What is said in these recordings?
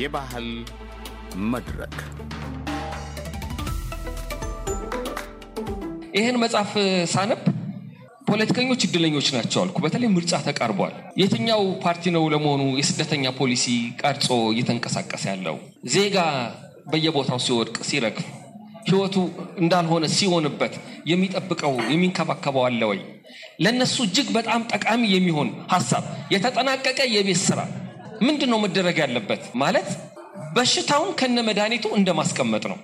የባህል መድረክ ይህን መጽሐፍ ሳነብ ፖለቲከኞች እድለኞች ናቸው አልኩ። በተለይ ምርጫ ተቃርቧል። የትኛው ፓርቲ ነው ለመሆኑ የስደተኛ ፖሊሲ ቀርጾ እየተንቀሳቀሰ ያለው? ዜጋ በየቦታው ሲወድቅ ሲረግፍ ህይወቱ እንዳልሆነ ሲሆንበት የሚጠብቀው የሚንከባከበው አለ ወይ? ለእነሱ እጅግ በጣም ጠቃሚ የሚሆን ሀሳብ የተጠናቀቀ የቤት ስራ ምንድን ነው መደረግ ያለበት ማለት በሽታውን ከነ መድኃኒቱ እንደማስቀመጥ ነው።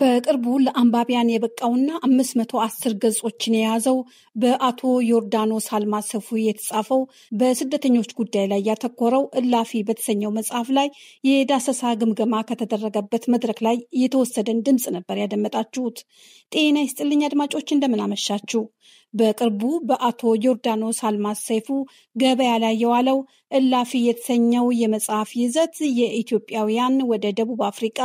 በቅርቡ ለአንባቢያን የበቃውና አምስት መቶ አስር ገጾችን የያዘው በአቶ ዮርዳኖስ አልማሰፉ የተጻፈው በስደተኞች ጉዳይ ላይ ያተኮረው እላፊ በተሰኘው መጽሐፍ ላይ የዳሰሳ ግምገማ ከተደረገበት መድረክ ላይ የተወሰደን ድምፅ ነበር ያደመጣችሁት። ጤና ይስጥልኝ አድማጮች፣ እንደምን አመሻችሁ። በቅርቡ በአቶ ዮርዳኖስ አልማዝ ሰይፉ ገበያ ላይ የዋለው እላፊ የተሰኘው የመጽሐፍ ይዘት የኢትዮጵያውያን ወደ ደቡብ አፍሪቃ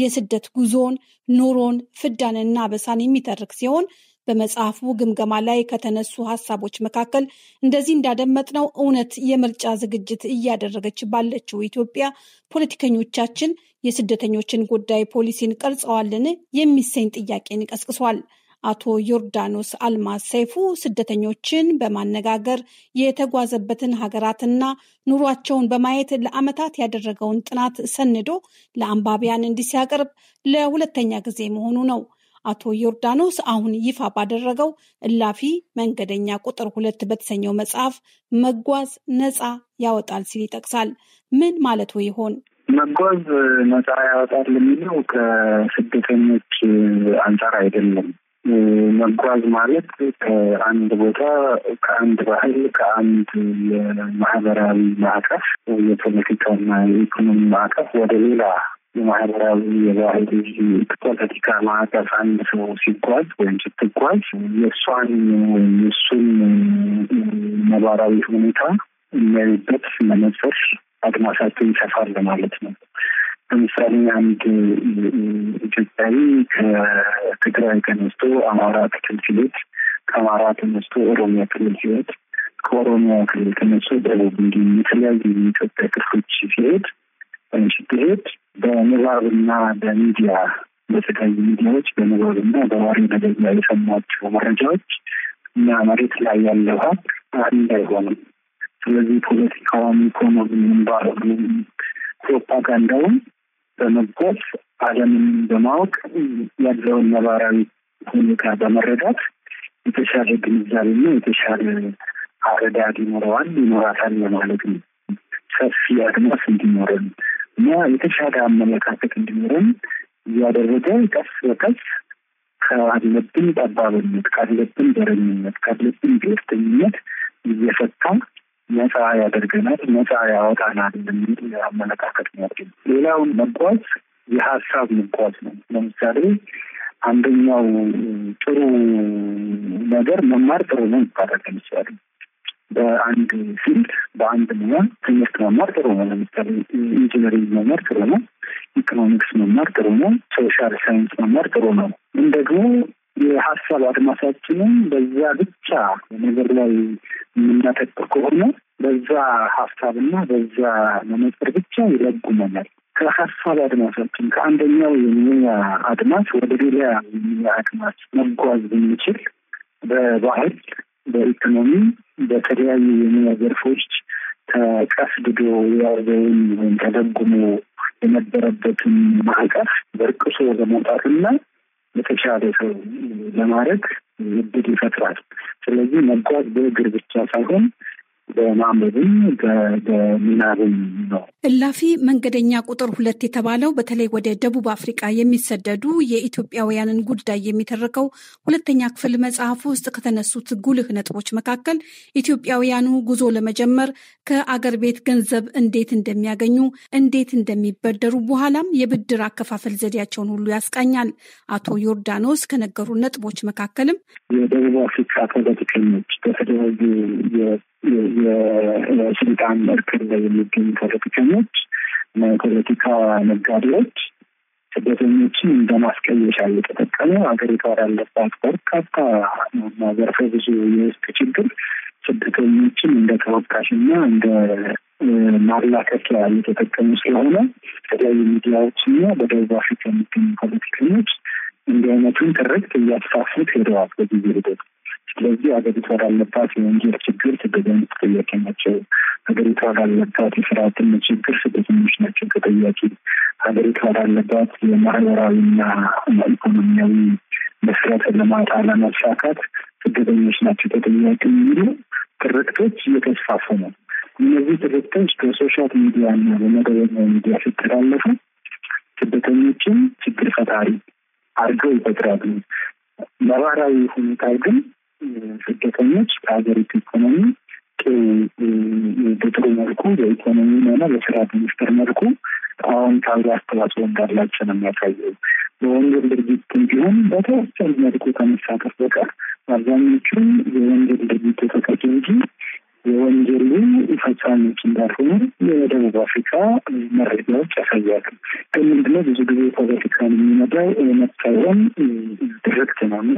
የስደት ጉዞን፣ ኑሮን፣ ፍዳንና አበሳን የሚተርክ ሲሆን በመጽሐፉ ግምገማ ላይ ከተነሱ ሀሳቦች መካከል እንደዚህ እንዳደመጥነው እውነት የምርጫ ዝግጅት እያደረገች ባለችው ኢትዮጵያ ፖለቲከኞቻችን የስደተኞችን ጉዳይ ፖሊሲን ቀርጸዋልን የሚሰኝ ጥያቄን ቀስቅሷል። አቶ ዮርዳኖስ አልማዝ ሰይፉ ስደተኞችን በማነጋገር የተጓዘበትን ሀገራትና ኑሯቸውን በማየት ለዓመታት ያደረገውን ጥናት ሰንዶ ለአንባቢያን እንዲህ ሲያቀርብ ለሁለተኛ ጊዜ መሆኑ ነው። አቶ ዮርዳኖስ አሁን ይፋ ባደረገው እላፊ መንገደኛ ቁጥር ሁለት በተሰኘው መጽሐፍ መጓዝ ነፃ ያወጣል ሲል ይጠቅሳል። ምን ማለቱ ይሆን? መጓዝ ነፃ ያወጣል የሚለው ከስደተኞች አንጻር አይደለም። መጓዝ ማለት ከአንድ ቦታ ከአንድ ባህል ከአንድ የማህበራዊ ማዕቀፍ የፖለቲካና የኢኮኖሚ ማዕቀፍ ወደ ሌላ የማህበራዊ የባህል ፖለቲካ ማዕቀፍ አንድ ሰው ሲጓዝ ወይም ስትጓዝ የእሷን የእሱን ነባራዊ ሁኔታ የሚያዩበት መነጽር አድማሳቸው ይሰፋል ማለት ነው። ለምሳሌ አንድ ኢትዮጵያዊ ከትግራይ ተነስቶ አማራ ክልል ሲሄድ፣ ከአማራ ተነስቶ ኦሮሚያ ክልል ሲሄድ፣ ከኦሮሚያ ክልል ተነስቶ ደቡብ እንዲሁም የተለያዩ የኢትዮጵያ ክፍሎች ሲሄድ ስትሄድ በንባብና በሚዲያ በተለያዩ ሚዲያዎች በንባብና በዋሪ መደብ ላይ የሰማቸው መረጃዎች እና መሬት ላይ ያለው ሀቅ አንድ አይሆንም። ስለዚህ ፖለቲካውን፣ ኢኮኖሚ ባህሉን፣ ፕሮፓጋንዳውን በመብቃት ዓለምን በማወቅ ያለውን ነባራዊ ሁኔታ በመረዳት የተሻለ ግንዛቤና የተሻለ አረዳድ ይኖረዋል ይኖራታል ለማለት ነው። ሰፊ አድማስ እንዲኖረን እና የተሻለ አመለካከት እንዲኖረን እያደረገ ቀስ በቀስ ከአለብን ጠባብነት፣ ካለብን ደረኝነት ካለብን ብሔርተኝነት እየፈታ ነፃ ያደርገናል፣ ነፃ ያወጣናል የሚል አመለካከት ያገኝ። ሌላው መጓዝ የሀሳብ መጓዝ ነው። ለምሳሌ አንደኛው ጥሩ ነገር መማር ጥሩ ነው ይባላል። ለምሳሌ በአንድ ፊልድ በአንድ ሙያ ትምህርት መማር ጥሩ ነው። ለምሳሌ ኢንጂነሪንግ መማር ጥሩ ነው። ኢኮኖሚክስ መማር ጥሩ ነው። ሶሻል ሳይንስ መማር ጥሩ ነው። ግን ደግሞ የሀሳብ አድማሳችንን በዛ ብቻ ነገር ላይ የምናተኩር ከሆነ በዛ ሀሳብና በዛ መነጽር ብቻ ይለጉመናል። ከሀሳብ አድማሳችን ከአንደኛው የሙያ አድማስ ወደ ሌላ የሙያ አድማስ መጓዝ ብንችል በባህል፣ በኢኮኖሚ፣ በተለያዩ የሙያ ዘርፎች ተቀስድዶ ያዘውን ወይም ተደጉሞ የነበረበትን ማዕቀፍ በርቅሶ በመውጣትና የተሻለ ሰው ለማድረግ እድል ይፈጥራል። ስለዚህ መጓዝ በእግር ብቻ ሳይሆን በማንበብም ነው። እላፊ መንገደኛ ቁጥር ሁለት የተባለው በተለይ ወደ ደቡብ አፍሪቃ የሚሰደዱ የኢትዮጵያውያንን ጉዳይ የሚተርከው ሁለተኛ ክፍል መጽሐፍ ውስጥ ከተነሱት ጉልህ ነጥቦች መካከል ኢትዮጵያውያኑ ጉዞ ለመጀመር ከአገር ቤት ገንዘብ እንዴት እንደሚያገኙ፣ እንዴት እንደሚበደሩ በኋላም የብድር አከፋፈል ዘዴያቸውን ሁሉ ያስቃኛል። አቶ ዮርዳኖስ ከነገሩ ነጥቦች መካከልም የደቡብ አፍሪካ ፖለቲከኞች በተደረጉ የስልጣን እርክል ላይ የሚገኙ ፖለቲከኞች፣ ፖለቲካ ነጋዴዎች ስደተኞችን እንደ ማስቀየሻ እየተጠቀሙ ሀገሪቷ ያለባት በርካታ ዘርፈ ብዙ የውስጥ ችግር ስደተኞችን እንደ ተወቃሽና እንደ ማላከኪያ እየተጠቀሙ ስለሆነ የተለያዩ ሚዲያዎችና በደቡብ አፍሪካ የሚገኙ ፖለቲከኞች እንዲህ አይነቱን ትርክት እያስፋፉት ሄደዋል በጊዜ ሂደት። ስለዚህ ሀገሪቷ ባለባት የወንጀል ችግር ስደተኞች ተጠያቂ ናቸው። ሀገሪቷ ባለባት የስርዓትን ችግር ስደተኞች ናቸው ተጠያቂ። ሀገሪቷ ላለባት የማህበራዊና ኢኮኖሚያዊ መሰረተ ልማት አለመሳካት ስደተኞች ናቸው ተጠያቂ የሚሉ ትርክቶች እየተስፋፉ ነው። እነዚህ ትርክቶች በሶሻል ሚዲያና በመደበኛ ሚዲያ ሲተላለፉ ስደተኞችን ችግር ፈጣሪ አድርገው ይፈጥራሉ። ነባራዊ ሁኔታ ግን ስደተኞች በሀገሪቱ ኢኮኖሚ በጥሩ መልኩ በኢኮኖሚ ሆነ በስራ ሚኒስትር መልኩ አዎንታዊ አስተዋጽኦ እንዳላቸው ነው የሚያሳየው። በወንጀል ድርጊት ቢሆን በተወሰኑ መልኩ ከመሳተፍ በቀር አብዛኞቹ የወንጀል ድርጊት ተጠቂ እንጂ የወንጀሉ ፈጻሚዎች እንዳልሆኑ የደቡብ አፍሪካ መረጃዎች ያሳያሉ። ግን ምንድነው ብዙ ጊዜ ፖለቲካን የሚመጣው መታየም ድርግት ነው እና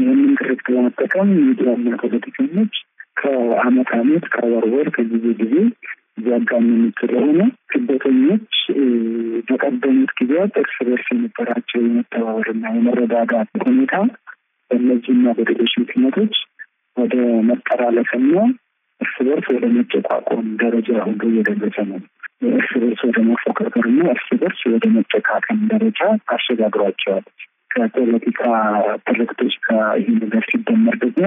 ይህንን ክርክት በመጠቀም ሚዲያና ፖለቲከኞች ከአመት አመት ከወር ወር ከጊዜ ጊዜ ሊያጋምኑት ስለሆነ ስደተኞች በቀደሙት ጊዜያት እርስ በርስ የነበራቸው የመተባበርና የመረዳዳት ሁኔታ በእነዚህና በሌሎች ምክንያቶች ወደ መጠላለፍና እርስ በርስ ወደ መጨቋቆም ደረጃ ሁሉ እየደረሰ ነው። እርስ በርስ ወደ መፎካከርና እርስ በርስ ወደ መጨካከም ደረጃ አሸጋግሯቸዋል። ከፖለቲካ ትርክቶች ጋር ይህ ነገር ሲደመር ደግሞ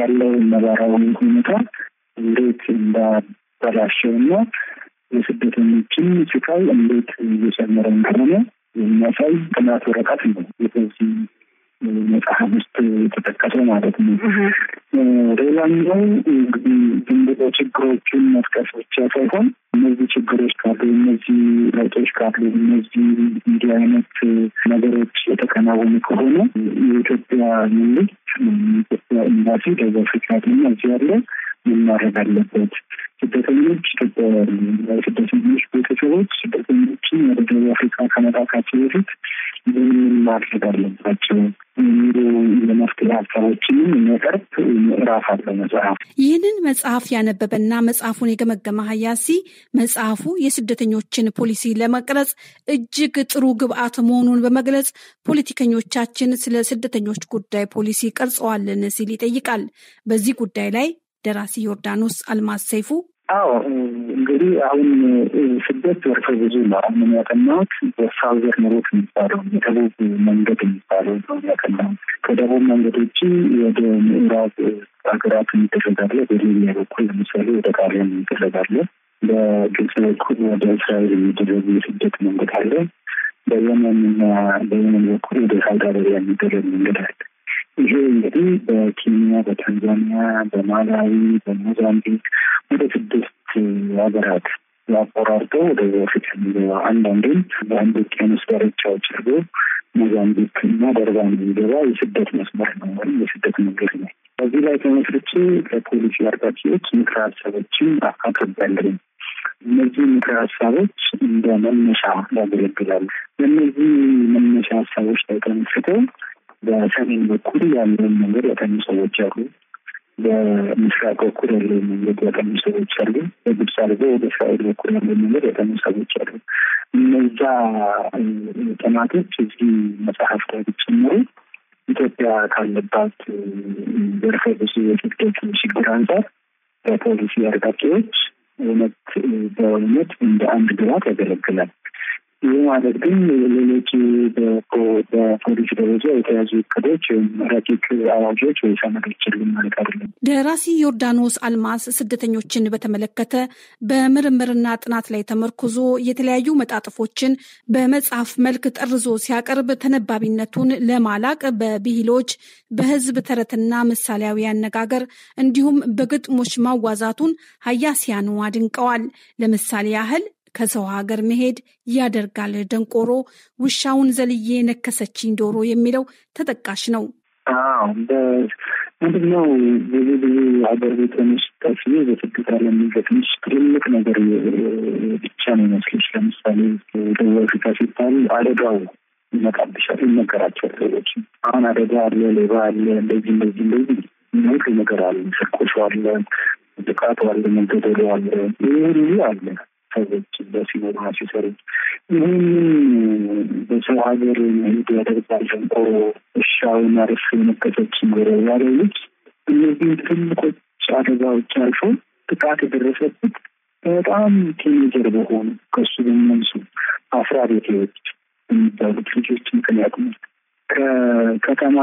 ያለው ነባራዊ ሁኔታ እንዴት እንዳበላሸውና የስደተኞችን ስቃይ እንዴት እየጨመረ እንደሆነ የሚያሳይ ጥናት ወረቀት ነው የዚህ መጽሐፍ ውስጥ የተጠቀሰው ማለት ነው። ሌላኛው እንግዲህ ዝም ችግሮቹን መጥቀስ ብቻ ሳይሆን ችግሮች ካሉ፣ እነዚህ ለውጦች ካሉ፣ እነዚህ እንዲህ አይነት ነገሮች የተከናወኑ ከሆነ የኢትዮጵያ መንግስት የኢትዮጵያ ኤምባሲ ደቡብ አፍሪካ እዚህ ያለ ምን ማድረግ አለበት? ስደተኞች ኢትዮጵያውያኑ፣ ስደተኞች ቤተሰቦች ስደተኞችን ወደ ደቡብ አፍሪካ ከመጣታቸው በፊት ምን ማድረግ አለባቸው የሚሉ የመፍትሄ ሀሳቦችንም የሚያቀርብ ምዕራፍ አለ መጽሐፍ። ይህንን መጽሐፍ ያነበበና መጽሐፉን የገመገመ ሀያሲ መጽሐፉ የስደተኞችን ፖሊሲ ለመቅረጽ እጅግ ጥሩ ግብአት መሆኑን በመግለጽ ፖለቲከኞቻችን ስለ ስደተኞች ጉዳይ ፖሊሲ ቀርጸዋልን ሲል ይጠይቃል። በዚህ ጉዳይ ላይ ደራሲ ዮርዳኖስ አልማዝ ሰይፉ አዎ እንግዲህ አሁን ስደት ዘርፈ ብዙ ነው። አሁን ያቀናሁት በሳውዘርን የሚባለው የደቡብ መንገድ የሚባለው ነው ያቀናሁት። ከደቡብ መንገድ ውጭ ወደ ምዕራብ ሀገራት የሚደረጋለ፣ በሊቢያ በኩል ለምሳሌ ወደ ጣሊያን የሚደረጋለ፣ በግብጽ በኩል ወደ እስራኤል የሚደረጉ የስደት መንገድ አለ። በየመንና በየመን በኩል ወደ ሳውዲ አረቢያ የሚደረግ መንገድ አለ። ይሄ እንግዲህ በኬንያ፣ በታንዛኒያ፣ በማላዊ፣ በሞዛምቢክ ወደ ስድስት ሁለቱም ሀገራት አቆራርጠው ወደ በፊት አንዳንዴም በአንድ ውቅያኖስ ዳርቻዎች አድርጎ ሞዛምቢክ እና ደርባን የሚገባ የስደት መስመር ነው ወይም የስደት መንገድ ነው። በዚህ ላይ ተመስርች ለፖሊሲ አርቃቂዎች ምክረ ሀሳቦችን አቅርቤያለሁ። እነዚህ ምክረ ሀሳቦች እንደ መነሻ ያገለግላሉ። በእነዚህ መነሻ ሀሳቦች ላይ ተመስርተው በሰሜን በኩል ያለውን ነገር ያጠኑ ሰዎች አሉ። በምስራቅ በኩል ያለው መንገድ ያቀኑ ሰዎች አሉ። በግብጽ አድርጎ ወደ እስራኤል በኩል ያለው መንገድ ያቀኑ ሰዎች አሉ። እነዛ ጥናቶች እዚህ መጽሐፍ ላይ ቢጨመሩ ኢትዮጵያ ካለባት ዘርፈ ብዙ የፍርዶች ችግር አንጻር በፖሊሲ አርቃቂዎች እውነት በእውነት እንደ አንድ ግባት ያገለግላል። ይህ ማለት ግን ሌሎች በፖሊሲ ደረጃ የተያዙ እቅዶች ወይም ረቂቅ አዋጆች ወይ ሰነዶች የሉም ማለት አይደለም። ደራሲ ዮርዳኖስ አልማስ ስደተኞችን በተመለከተ በምርምርና ጥናት ላይ ተመርኩዞ የተለያዩ መጣጥፎችን በመጽሐፍ መልክ ጠርዞ ሲያቀርብ ተነባቢነቱን ለማላቅ በብሂሎች በህዝብ ተረትና ምሳሌያዊ አነጋገር እንዲሁም በግጥሞች ማዋዛቱን ሀያሲያኑ አድንቀዋል። ለምሳሌ ያህል ከሰው ሀገር መሄድ ያደርጋል ደንቆሮ፣ ውሻውን ዘልዬ ነከሰችኝ ዶሮ የሚለው ተጠቃሽ ነው። ምንድን ነው ብዙ ብዙ ሀገር ቤት በመሽጣች ጊዜ በስደት ዓለም የሚገጥምሽ ነገር ብቻ ነው ይመስልሽ። ለምሳሌ ደቡብ አፍሪካ ሲባል አደጋው ይመጣብሻል፣ ይነገራቸዋል ሰዎች አሁን አደጋ አለ፣ ሌባ አለ፣ እንደዚህ እንደዚህ እንደዚህ የሚወቅ ነገር አለ፣ ስርቆሹ አለ፣ ጥቃቱ አለ፣ መገደሉ አለ፣ ይህ ሁሉ አለ ሰዎች በሲኖር ሲሰሩ ይህም በሰው ሀገር መሄድ ያደርጋል። ሸንቆሮ እሻው ማረፍ የመከተች ኖረ ያለ ልጅ እነዚህም ትልቆች አደጋዎች አልፎ ጥቃት የደረሰበት በጣም ቲኔጀር በሆኑ ከሱ በሚነሱ አስራ ቤቴዎች የሚባሉት ልጆች ምክንያት ነው። ከከተማ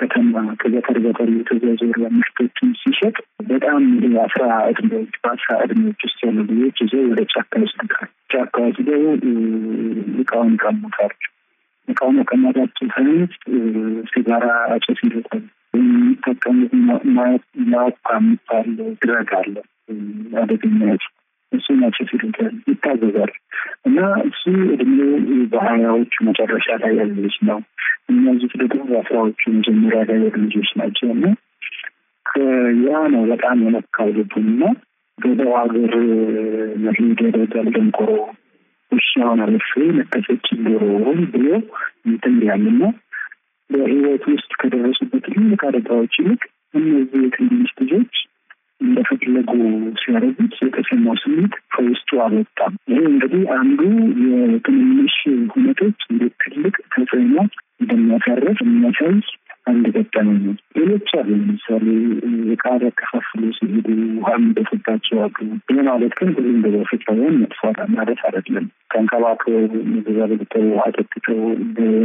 ከተማ ከገጠር ገጠር የተዘዋወረ ምርቶችን ሲሸጥ በጣም አስራ እድሜዎች በአስራ እድሜዎች ውስጥ ያሉ ልጆች ይዞ ወደ ጫካ ይስልካል። ጫካ ወስደው እቃውን ይቀሙታል። እቃውን መቀመጣቸው ሳይንስ ሲጋራ አጨስ ይለታል። የሚጠቀሙት ማወቅ የሚባል ድረግ አለ አደገኛ እሱ ናቸው ይሉታል ይታዘዛል። እና እሱ እድሜው በሀያዎቹ መጨረሻ ላይ ያሉ ልጅ ነው። እነዚህ ደግሞ በአስራዎቹ መጀመሪያ ላይ ያሉ ልጆች ናቸው። እና ያ ነው በጣም የነካው ልቡን እና ገደው ሀገር መሄድ ያደርጋል ደንቆሮ ውሻውን አለፍ መከሰች ዶሮ ብሎ እንትን ያልና በህይወት ውስጥ ከደረሱበት ትልቅ አደጋዎች ይልቅ እነዚህ የትንሽ ልጆች እንደፈለጉ ሲያደርጉት የተሰማው ስሜት ከውስጡ አልወጣም። ይህ እንግዲህ አንዱ የትንንሽ ሁነቶች እንዴት ትልቅ ተጽዕኖ እንደሚያሳረፍ የሚያሳይ አንድ ገጠመ ነው። ሌሎች አሉ። ለምሳሌ የቃሪያ ከፋፍሎ ሲሄዱ ውሃ የሚደፍባቸው አሉ። ይህ ማለት ግን ሁሉም በበፊት ላይሆን መጥፋት ማለት አይደለም። ተንከባክበው ምግዛ በግጠው ውሃ ጠጥተው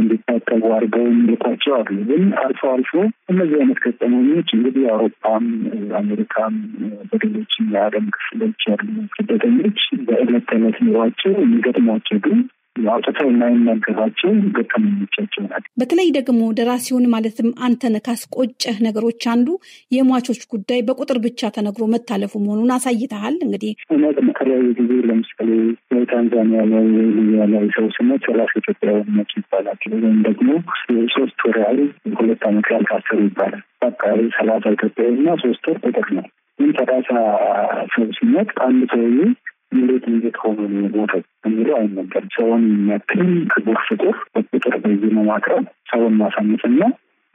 እንዲታጠቡ አድርገው የሚልኳቸው አሉ። ግን አልፎ አልፎ እነዚህ አይነት ገጠመኞች እንግዲህ አውሮፓም፣ አሜሪካም በሌሎችም የዓለም ክፍሎች ያሉ ስደተኞች በእለት ተዕለት ኑሯቸው የሚገጥሟቸው ግን አውጥተው የማይናገሯቸው ገጠመኞቻቸው ናቸው። በተለይ ደግሞ ደራሲውን ማለትም አንተነ ካስቆጨህ ነገሮች አንዱ የሟቾች ጉዳይ በቁጥር ብቻ ተነግሮ መታለፉ መሆኑን አሳይተሃል። እንግዲህ እውነት በተለያዩ ጊዜ ለምሳሌ የታንዛኒያ ላይ ሊቢያ ላይ ሰው ስሞች ራሱ ኢትዮጵያዊነት ይባላል። ወይም ደግሞ ሶስት ወር ያህል ሁለት አመት ያህል ይባላል። በአካባቢ ሰላሳ ኢትዮጵያዊ እና ሶስት ወር ቁጥር ነው። ይህ ሰላሳ ሰው ሲሞት አንድ ሰውዬ እንዴት እንዴት ሆኖ ሞተው እንግዲህ አይነገር ሰውን የሚያክል ክቡር ፍጡር በቁጥር በይኖ ማቅረብ ሰውን ማሳነስና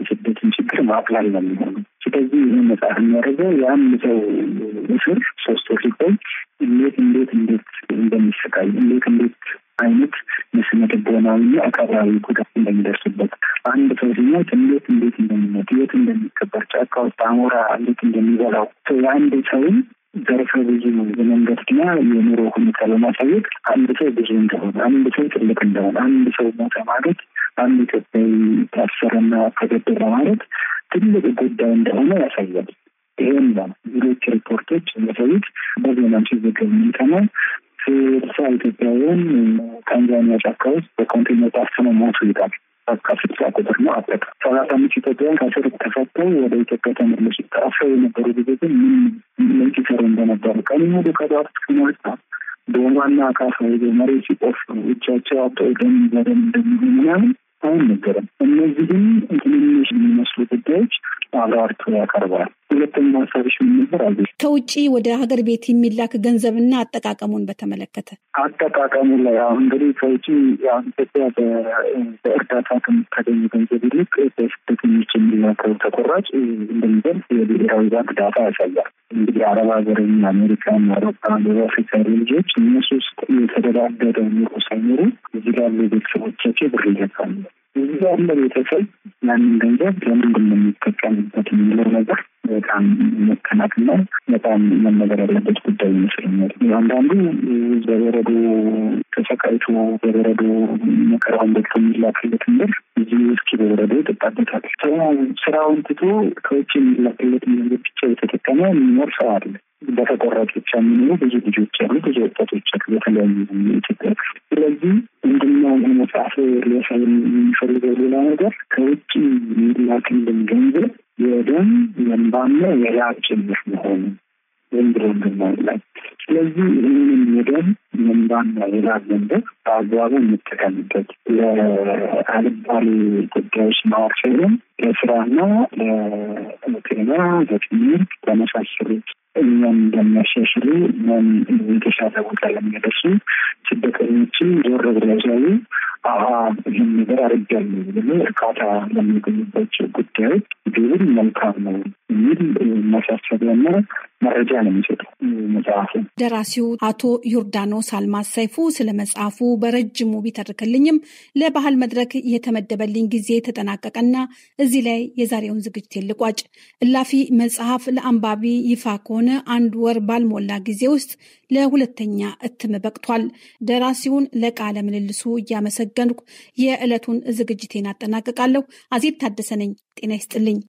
የስደትን ችግር ማቅላል ነው የሚሆኑ። ስለዚህ ይህ መጽሐፍ የሚያደርገው የአንድ ሰው እስር ሶስት ወር ሲቆይ እንዴት እንዴት እንዴት እንደሚሰቃይ እንዴት እንዴት አይነት የስነ ልቦናዊና አካባቢ ጉዳት እንደሚደርስበት አንድ ሰው ሲሞት እንዴት እንዴት እንደሚሞት የት እንደሚከበር ጫካ ውስጥ አሞራ እንዴት እንደሚበላው የአንድ ሰውን ዘርፈ ብዙ የመንገድና የኑሮ ሁኔታ ለማሳየት አንድ ሰው ብዙ እንደሆነ፣ አንድ ሰው ትልቅ እንደሆነ፣ አንድ ሰው ሞተ ማለት አንድ ኢትዮጵያዊ ታሰረና ተገደለ ማለት ትልቅ ጉዳይ እንደሆነ ያሳያል። ይህም ነው ሌሎች ሪፖርቶች የሚያሳዩት በዜናም ሲዘገብ የሚሰማው ስልሳ ኢትዮጵያውያን ታንዛኒያ ጫካ ውስጥ በኮንቴነር ታፍነው ሞቱ ይላል። ከፍተኛ ቁጥር ነው። ሰላሳ አምስት ኢትዮጵያውያን ከስር ተፈተው ወደ ኢትዮጵያ ተመለሱ። ታፍረው የነበሩ ጊዜ ግን ምን ምን ሲሰሩ እንደነበሩ ቀን ሙሉ ከጠዋት እስከማታ ዶማና አካፋ ይዘው መሬት ሲቆፍሩ እጃቸው አብጠው ደም በደም እንደሚሆን ምናምን አይነገርም። እነዚህም ትንንሽ የሚመስሉ ጉዳዮች አብራርቶ ያቀርባል። ሁለተኛ ሀሳብሽ ምን ነበር? አዚ ከውጭ ወደ ሀገር ቤት የሚላክ ገንዘብና አጠቃቀሙን በተመለከተ አጠቃቀሙ ላይ አሁን እንግዲህ ከውጭ ኢትዮጵያ በእርዳታ ከምታገኙ ገንዘብ ይልቅ በስደተኞች የሚላከው ተቆራጭ እንደሚገል የብሔራዊ ባንክ ዳታ ያሳያል። እንግዲህ አረብ ሀገርን፣ አሜሪካን፣ አውሮፓን፣ ደቡብ አፍሪካ ልጆች እነሱ ውስጥ የተደራደረ ኑሮ ሳይኖሩ እዚህ ላሉ ቤተሰቦቻቸው ብር ይለቃሉ። እዛ ቤተሰብ ያንን ገንዘብ ለምንድን ነው የሚጠቀምበት የሚለው ነገር በጣም መከናትና በጣም መነገር ያለበት ጉዳይ ይመስለኛል። አንዳንዱ በበረዶ ተሰቃይቶ በበረዶ መከራውን በቅቶ የሚላክለትን ብር እዚህ እስኪ በበረዶ ይጠጣበታል። ስራውን ትቶ ከውጭ የሚላክለት ብቻ የተጠቀመ የሚኖር ሰው አለ። በተቆረጡ ብቻ የሚኖሩ ብዙ ልጆች አሉ፣ ብዙ ወጣቶች አሉ በተለያዩ ኢትዮጵያ። ስለዚህ እንድናው መጽሐፍ ሊያሳይ የሚፈልገው ሌላ ነገር ከውጭ የሚላክልን ገንዘብ የደም የእንባና የላብ ጭምር መሆኑ ወይም ብሎ ላይ ስለዚህ ይህንን የደም የእንባና የላብ ገንዘብ በአግባቡ የምጠቀምበት ለአልባሌ ጉዳዮች ማዋል ሳይሆን ለስራና ለጤና፣ ለትምህርት ለመሳሰሉት እኛም እንደሚያሻሽሉ ምን የተሻለ ቦታ ለሚያደርሱ ስደተኞችን ዞር ብለው ሲያዩ አሀ ይህን ነገር አድርጋለሁ ብሎ እርካታ ለሚገኙባቸው ጉዳዮች ቢሆን መልካም ነው የሚል ማሳሰቢያና መረጃ ነው የሚሰጠው መጽሐፉ። ደራሲው አቶ ዮርዳኖስ አልማዝ ሰይፉ ስለ መጽሐፉ በረጅሙ ቢተርክልኝም ለባህል መድረክ የተመደበልኝ ጊዜ ተጠናቀቀና እዚህ ላይ የዛሬውን ዝግጅት ልቋጭ። እላፊ መጽሐፍ ለአንባቢ ይፋ ከሆነ አንድ ወር ባልሞላ ጊዜ ውስጥ ለሁለተኛ እትም በቅቷል። ደራሲውን ለቃለ ምልልሱ እያመሰገንኩ የዕለቱን ዝግጅቴን አጠናቅቃለሁ። አዜብ ታደሰ ነኝ። ጤና ይስጥልኝ።